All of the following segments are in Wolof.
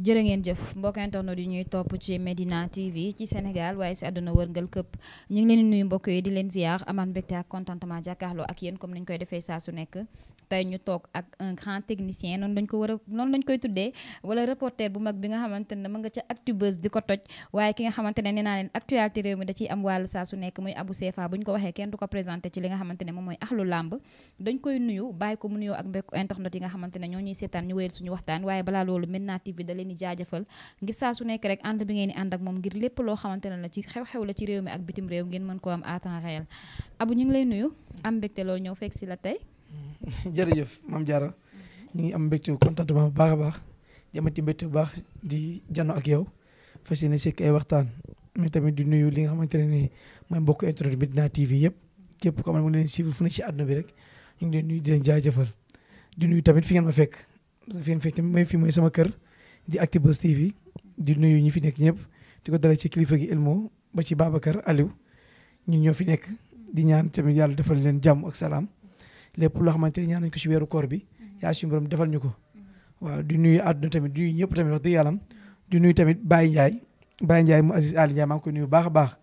jërë ngeen jëf mbokk internet yi ñuy topp ci Medina TV ci Sénégal waaye si àdduna wërngal këpp ñu ngi leen di nuyu mbokk yi di leen ziar amaan mbégte ak contentement jàkkaarloo ak yéen comme ni ñu koy defee saa su nekk tey a noonu dañ muy Abou Cefa bu ñu ko waxee kenn du ko présenté ci li nga xamante moom mooy axlu làmb dañ koy nuyu bàyyi ko mu nuyoo ak internet yi nga xamante ñoo ñuy seetaan ñu wéyal suñu waxtaan waaye balaa loolu Medina TV leen di jaajëfal ngir saa su nekk rek ànd bi ngeen di ànd ak moom ngir lépp loo xamante la ci xew-xew la ci réew mi ak bitim réew ngeen mën koo am à temps réel abu ñu ngi lay nuyu am mbégte loolu a baax di amati mbégte bu di jano ak yow ne nii mooy mbokk internet Médina TV yëpp képp ko am ne mu ngi leen suivre fu ne ci àdduna bi rek ñu ngi leen nuyu di nuyu tamit fi ngeen ma fekk fi ngeen fekk tamit mooy fi mooy sama kër di Actubuzz TV di nuyu ñi fi nekk ñëpp di ko dale ci kilifa gi Elmo ba ci baba Babacar Aliou ñun ñoo fi nekk di ñaan tamit yàlla defal leen jàmm ak salaam lépp loo xamante ni ñaan nañ ko ci weeru koor bi mhm. yaa suñu borom defal ñu ko mhm. waaw di nuyu àdduna tamit di nuyu ñëpp tamit wax dëgg yàlla di nuyu tamit Baye Ndiaye Baye Ndiaye mu Aziz Ali Ndiaye maa ngi nuyu baax a baax mhm.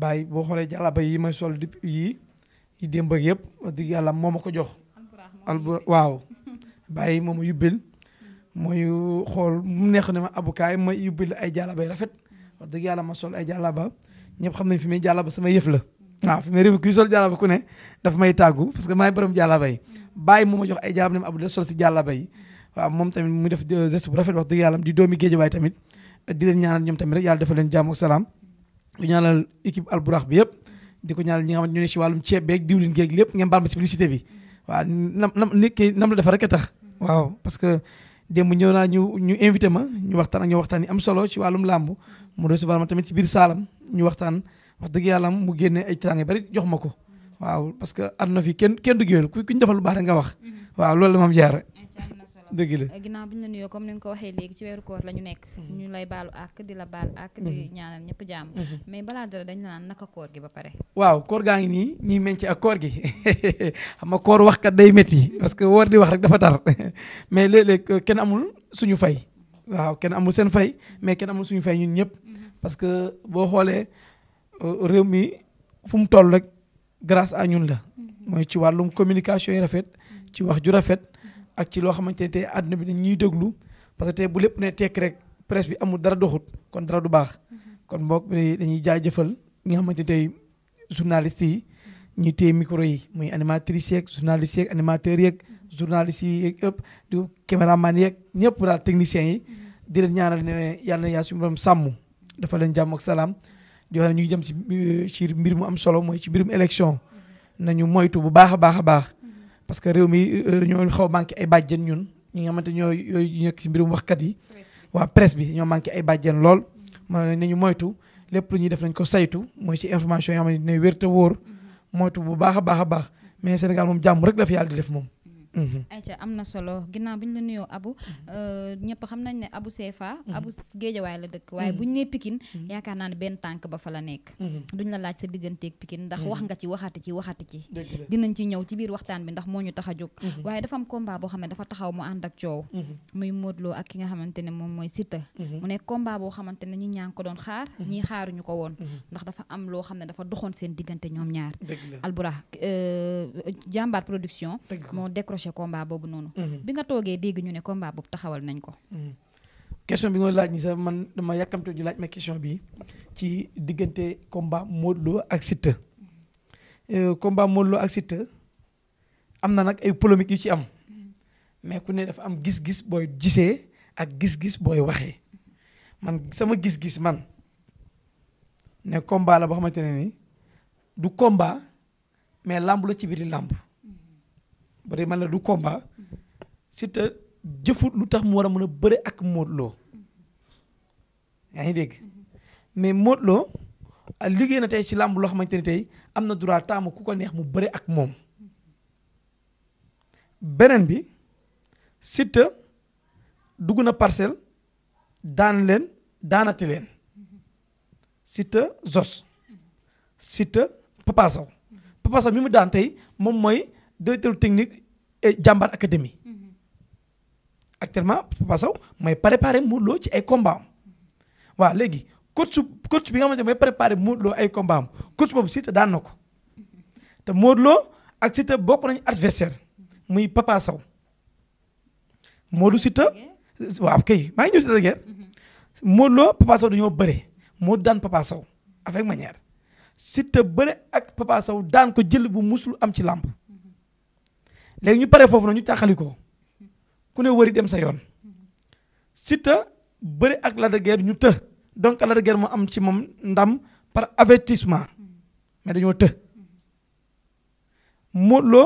Baye boo xoolee jàllaba yi may sol di yii yi démb ak yëpp wax dëgg yàlla moom ma ko jox al waaw Baye moom a yubbil mooy xool mu neex ne ma abukaay ma yóbbu la ay jàllaba yu rafet wax dëgg yàlla ma sol ay jàllaba ñëpp xam nañ fi may jàllaba sama yëf la waaw fi may réew kuy sol jàllaba ku ne daf may tàggu parce que maay borom jàllaba yi bàyyi moo ma jox ay jàllaba ne ma abdou sol si jàllaba yi waaw moom tamit mu def geste bu rafet wax dëgg yàlla di doomi géejawaay tamit di leen ñaanal ñoom tamit rek yàlla defal leen jàmm ak salaam di ñaanal équipe alburax bi yëpp di ko ñaanal ñi nga si wàllum ceeb beeg diwlin géeg lépp ngeen baal ma si bi waaw nam nam nit démb ñëw naa ñu ñu invité ma ñu waxtaan ak ñoo waxtaan yi am solo ci wàllum làmb mu recevoir ma tamit ci biir saalam ñu waxtaan wax dëgg yàlla mu génne ay teraanga bari jox ma ko waaw parce que àdduna fi kenn kenn du géwél ku ñu defal lu baax nga wax mm-hmm. waaw loolu la maam jaara dëgg la eh, ginnaaw bi ñu la nuyoo comme ni nga ko waxee léegi la ñu nekk. Mhm. ñu lay baalu àkk di la baal àkk di mhm. ñaanal ñëpp jàmm. Mhm. mais balaa dara dañ la naka koor gi ba pare. waaw koor gaa ngi nii ñuy meññ a koor gi xam nga koor wax kat day métti parce que woor di wax rek dafa tar mais léeg-léeg euh, kenn amul suñu fay. waaw kenn amul seen fay mais kenn amul suñu fay ñun ñëpp parce que boo xoolee euh, réew mi fu mu toll rek grâce à ñun la. mooy ci wàllum communication yi rafet ci wax ju rafet. ak ci loo xamante ne tey àdduna bi dañ ñuy déglu parce que tey bu lépp ne tekk rek presse bi amul dara doxut kon dara du baax. Mm-hmm. kon mbokk bi dañuy jaajëfal jëfal nga xamante tey journaliste yi ñu téye micro yi muy animatrice yeeg journaliste yeeg animateur yeeg mm-hmm. journaliste yi yeeg du di caméraman yeeg ñëpp daal technicien yi. Mm-hmm. di leen ñaanal ne yàlla na yaa suñu borom sàmm dafa leen jàmm salaam di wax ne ñu ngi jëm si ci mbir mu am solo mooy ci mbirum élection nañu moytu bu baax a baax. parce que réew mi euh, euh, ñoo xaw manqué ay bàjjen ñun ñi nga xamante ñoo yooyu nekk ci mbirum kat yi waa presse bi ñoo manqué ay bàjjen lool na mën ñu moytu lépp lu ñuy def nañ ko saytu mooy ci information yoo xam ne dina te wóor mm-hmm. moytu bu baax a baax a baax mais Sénégal moom jàmm rek la fi yàlla di def moom Mm-hmm. ayca am na solo ginnaaw bi ñu la nuyoo Abu mm-hmm. euh, ñëpp xam nañ ne Abu CFA. Mm-hmm. Abu Géejawaay la dëkk waaye bu ñu nee Pikine yaakaar naa ne benn tànk ba fa la nekk duñ la laaj sa digganteeg pikin ndax wax nga ci waxati ci waxati ci dinañ ci ñëw ci biir waxtaan bi ndax moo ñu tax a jóg waaye dafa am combat boo xam ne dafa taxaw mu ànd ak coow muy Modou ak ki nga xamante ne moom mooy Siteu mu nekk combat boo xamante ne ñi ñaa ko doon xaar ñii xaaruñu ko woon ndax dafa am loo xam ne dafa doxoon seen diggante ñoom ñaar Alburax euh, jàmbaar production moo décroché décroché combat boobu noonu. Mhm. bi nga toogee dégg ñu ne combat boobu nañ ko. Mhm. question bi nga laaj ni man dama yàkkamte ñu laaj ma question bi ci diggante combat Modou Lo ak Siteu. Mhm. Euh, combat am na nag ay polomique yu ci am mais ku ne dafa am gis-gis booy gisee ak gis-gis booy waxee man sama gis-gis man ne combat la boo xamante ne ni du combat mais làmb la ci biir làmb. ba tey man la du combat Siteu jëfut lu tax mu war a mën a bëre ak Modou Lo yaa ngi dégg mais Modou Lo liggéey na tey ci làmb loo xamante ni tey am na droit taamu ku ko neex mu bëre ak moom beneen bi Siteu dugg na parcelle daan leen daanati leen Siteu Zos Siteu Papa Sow Papa mu daan tey moom mooy. directeur technique et jàmbar académie mm-hmm. actuellement Papa Sow mooy préparer Modou Lo ci ay combat am mm-hmm. waaw léegi coach coach bi nga xamante ne may préparer Modou loo ay combat am coach boobu Siteu daan na ko mm-hmm. te Modou Lo ak Siteu bokk nañu adversaire muy Papa Sow Modou Siteu waaw kay maa ngi ñëw Siteu dañoo bëre Modou daan Papa Sow avec manière Siteu bëre ak Papa daan ko jël bu musul am ci làmb léegi ñu pare foofu na ñu taxali ko ku ne wëri dem sa yoon Siteu bëri ak Lac de ñu të donc Lac de Guiers moo am ci moom ndam par avertissement mais dañoo të Modou Lo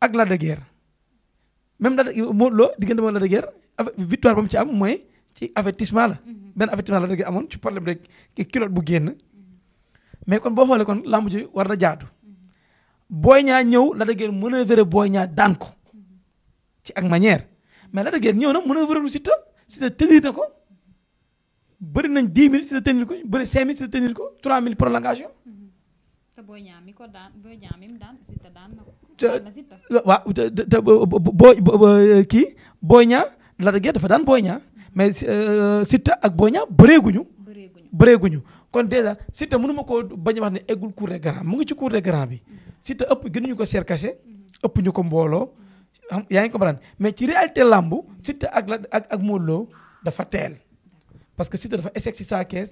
ak Lac de Guiers même Lac Modou Lo diggante moom Lac de victoire ba mu ci am mooy ci avertissement la mhm. benn avertissement la Lac de Guiers amoon ci problème rek kilote bu génn mais kon boo xoolee kon lamb ji war na jaatu Boy Niang ñëw Lac de Guiers manœuvrer Boy Niang daan ko ci ak manière mais Lac de Guiers ñëw na manœuvrer lu Siteu Siteu tenir na ko bëri nañ 10 minutes Siteu tenir ko bëri 5 minutes Siteu tenir ko 3 minutes prolongation. te Boy ko daan Boy Niang daan Siteu daan na ko. boo kii Boy Niang Lac de Guiers dafa daan Boy Niang mm-hmm. mais euh, Siteu ak Boy Niang bëreeguñu. bëreeguñu kon dèjà Siteu mënuma koo bañ wax ne eggul cour des grands mu ngi ci cour des grands bi Siteu ëpp ñu ko seer kase ëpp ñu ko mbooloo yaa ngi ko comprendre mais ci réalité làmb Siteu ak la ak ak Modou dafa teel parce que Siteu dafa échec si saa kees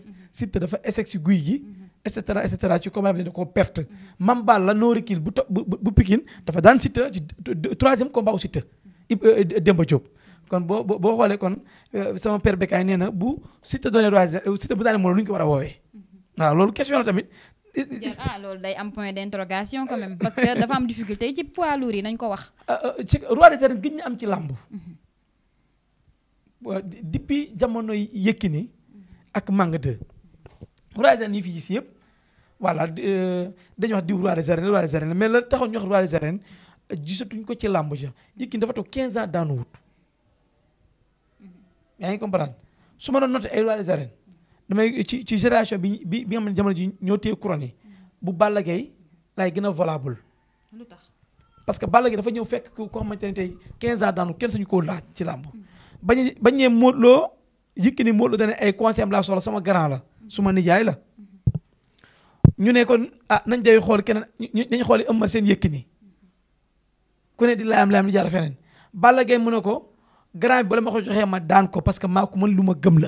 dafa échec si guy gi et cetera et cetera ci combat bi dañu koo perte Mame Balla no recul bu bu bu Pikine dafa daan Siteu ci troisième combat u Siteu euh, Demba Diop kon boo boo xoolee kon euh, sama per Bécaye nee na bu Siteu doone roi Siteu euh, bu daane Modou Lô ñu ko war a woowee mhm. waaw loolu question la tamit. ah day am point d'interrogation quand même parce que dafa am difficulté ci poids lourd yi nañ ko wax. Ah, euh, ci roi des arènes ñu am ci làmb. Mhm. jamono Yékini ak Manga 2 roi des arènes yi fi gis yëpp voilà dañuy wax diw roi des arènes roi des arènes mais la taxaw ñu wax roi des arènes ko ci làmb ja Yékini dafa toog 15 ans daanu yaa ngi comprendre su ma doon noté ay roi des arènes damay ci ci génération bi bi bi nga xam ne jamono ji ñoo téye couronne yi bu Balla Gaye laay gën a volable lu tax parce que Balla Gaye dafa ñëw fekk ku ko xamante ne tey 15 ans daanu kenn suñu koo laaj ci làmb. bañ a bañ a Modou Lo ni Modou Lo dana ay conseil am laa soxla sama grand la suma nijaay la. ñu ne kon ah nañ day xool keneen ñu nañ xool seen yëkk ni ku ne di laayam laayam di jaar feneen Balla Gaye mu ne ko. grand bi ma ko joxee ma daan ko parce que maa ko lu ma gëm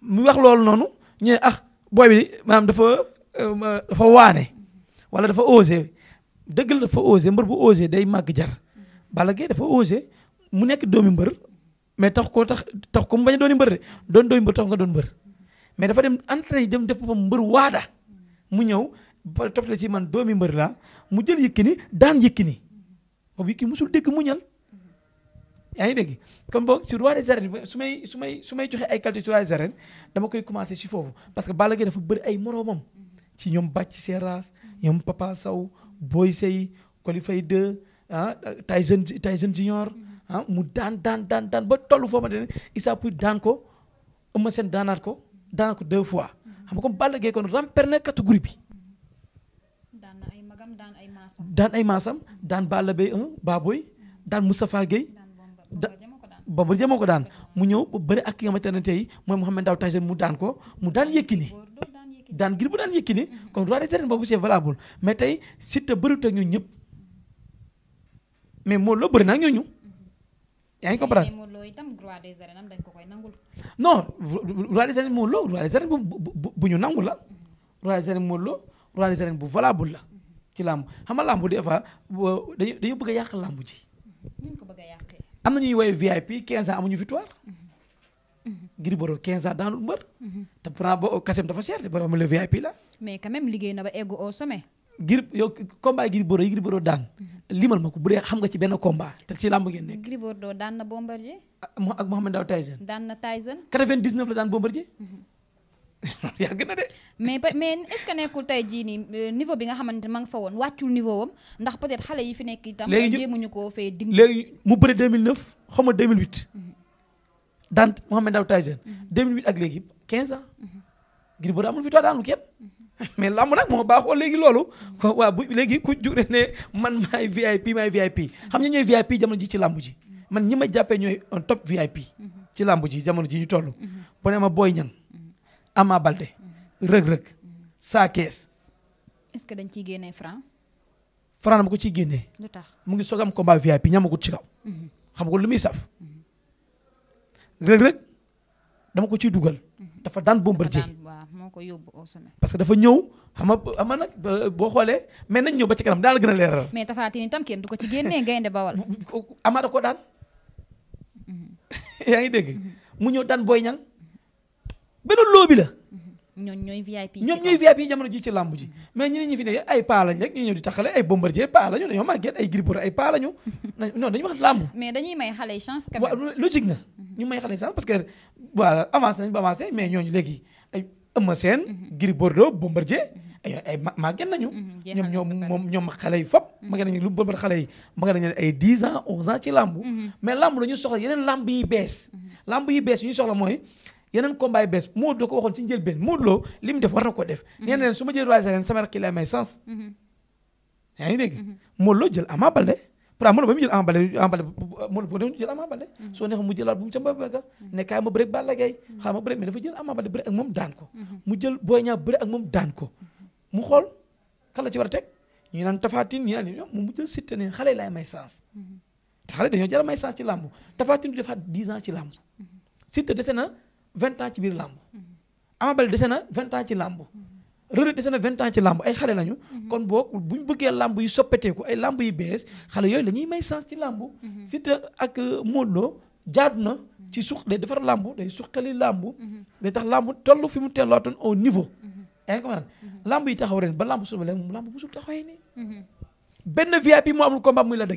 mu wax loolu noonu ñu ne ah booy dafa euh, dafa waane wala dafa osé dëgg la dafa osé mbër bu osé day màgg jar Balla Gaye dafa osé mu nekk doomi mbër mais tax ko tax tax ko mu bañ a dooni mbër de doon doomi mbër tax nga doon mbër mais dafa dem entraîné yi dem def boppam mbër waada mu ñëw ba toppatee si man doomi mbër laa mu jël Yékini daan Yékini boobu Yékini musul dégg muñal ay ngi dégg kon boog si roi des su may su may su may joxe ay qualité roi des arènes dama koy commencé si foofu parce que Balla Gaye dafa bëri ay moroomam ci ñoom Bac Seras ñoom Papa Sow Boy Sey Qualify 2 ah Tyson Tyson Junior ah mu daan daan daan ba tollu foo ma ne Issa Pouye daan ko Eumeu sen daanaat ko daanaat ko deux fois xam ko comme Balla Gaye kon ramper na catégorie bi. daan ay magam daan ay maasam. daan ay maasam daan Balla Gaye 1 Baboy daan Moustapha Guèye da Bombardier moo ko daan mu ñëw ba bëri ak ki nga xamante ne tey mooy mu daan ko mu daan Yékini daan Gris bu daan Yékini mm-hmm. kon roi des arènes boobu c'est valable mais tey Siteu bëriwut ak ñooñu ñëpp mais moo loo bëri na ak ñooñu mm-hmm. yaa ngi comprendre non roi des arènes Modou Lo roi des arènes bu bu ñu nangu la mm-hmm. roi des arènes Lo roi des arènes bu valable la ci làmb xam nga làmb des fois euh, dañu dañu bëgg a yàq làmb ji am na ñuy woowee VIP 15 ans amuñu victoire. Gris Bordeaux 15 ans te pourtant ba kasem dafa cher ba amul le VIP la. mais quand même liggéey na ba egg au sommet. Gris yow combat Gris yi Gris daan. limal ma ko bu xam nga ci benn combat te ci làmb ngeen nekk. Gris daan na Bombardier. Ah, ak Mohamed Ndao Tyson. daan na Tyson. 99 la daan Bombardier. yàgg na de. mais ba mais est nekkul tey jii nii euh, niveau bi nga xamante ma nga fa woon wàccul niveau am ndax peut être xale yi fi nekk itam. léegi jéemuñu koo fee dindi. léegi mu bëre 2009 xaw ma 2008. Mhm. daan Mouhamed Ndao Tyson. 2008 mhm. ak léegi 15 ans. ngir mhm. bëri amul victoire daanu kenn. mais lamb nag moo baaxoo léegi loolu. waaw bu léegi ku jure ne man maay VIP maay VIP xam nga ñooy VIP jamono ji ci lamb ji. man ñi ma jàppee ñooy un top VIP. ci lamb ji jamono ji ñu toll. bu ne Ama Balde. rëg-rëg mm-hmm. saa kees. est-ce que dañ ciy génnee franc. franc dama ko ciy génne lu tax mu ngi soog am combat VIP ñamagut ci kaw. Mm-hmm. xam nga lu muy saf. Mm-hmm. rëg-rëg dama ko ciy dugal. dafa daan Bombardier waaw moo ko yóbbu au sommet. parce que dafa ñëw xam a xam nag boo xoolee mais nañ ñëw ba ci kanam daal gën a leeral. mais Tapha Tine itam kenn du ko ci génnee gaynde bawal. Ama da ko daan. yaa ngi dégg mu ñëw daan booy Niang beneen loobi la. Mm-hmm. ñoom ñooy VIP ñoom ñooy VIP jamono ji ci làmb ji mm-hmm. mais ñeneen ñi fi nekk ay paa lañ rek ñu ñëw di taxale ay bombardier paa lañu dañoo màgget ay Gris Bordeaux ay paa lañu non dañuy wax làmb mais dañuy may xale chance quand même logique na mm-hmm. ñu may xale chance parce que voilà avancé nañ ba avancé mais ñooñu léegi ay Eumeu Sène Gris Bordeaux bombardier ay ay màgget nañu ñoom ñoom moom ñoom xale yi fop màgget nañu lu bëbar xale yi màgget nañu ay 10 ans 11 ans ci làmb mais làmb la ñu soxla yeneen làmb yi bees làmb yi bees yu ñu mooy yeneen combat yu bees Modou Lo ko waxoon ci njëlbeen Modou Lo li def war ko def. Mhm. nee na leen su ma jël rois arènes sama lay may sens. Mhm. yaa ngi dégg mhm. Modou Lo jël Ama Baldé ba mu jël Ama Baldé Ama mu jëlaat bu mu ca Mbacar. ne kaay ma bëreeg Balla Gaye xaaral ma ko. mu jël Boy Niang bëreeg ko. mu xool la ci war ñu naan tafaatin ñu naan mu jël Siteu ne xale lay may sens. te xale dañoo jar a may sens ci làmb tafaatin du defaat 10 ans ci làmb Siteu dese na vingt ans ci biir làmb Ama Baldé dese na vingt ans ci làmb Reug dese na vingt ans ci làmb ay xale lañu kon boog bu ñu bëggee làmb yi soppeteeku ay làmb yi bees xale yooyu la may sens ci làmb Siteu ak euh, Modou Lo na ci suq day defar làmb day suqali làmb day tax làmb toll fi mu tellaatoon au niveau yaa ngi làmb yi taxaw ren ba làmb suba leen moom làmb musul taxawee nii mhm. benn VIP mu amul combat muy la de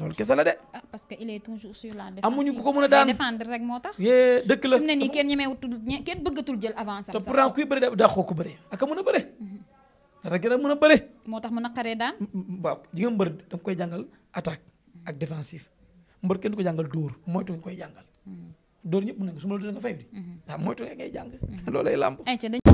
loolu kese la de. ah parce que il est toujours sur la ko mën a daan défendre rek moo tax. yee dëkk la fi mu ne nii kenn ñemewutul kenn bëggatul jël avance am. te pourtant kuy bëri daa xoo ko bëri ak a mën a bëri. Mm-hmm. dara gën a mën a bëri. moo tax mën a xaree daan. waaw jigéen mbër da koy jàngal attaque ak défensif mbër kenn du ko jàngal dóor moytu nga koy jàngal. Mm-hmm. dóor ñëpp mën na ko su ma la doon nga fay di. Mm-hmm. waaw moytu nga ngay jàng. loolay làmb.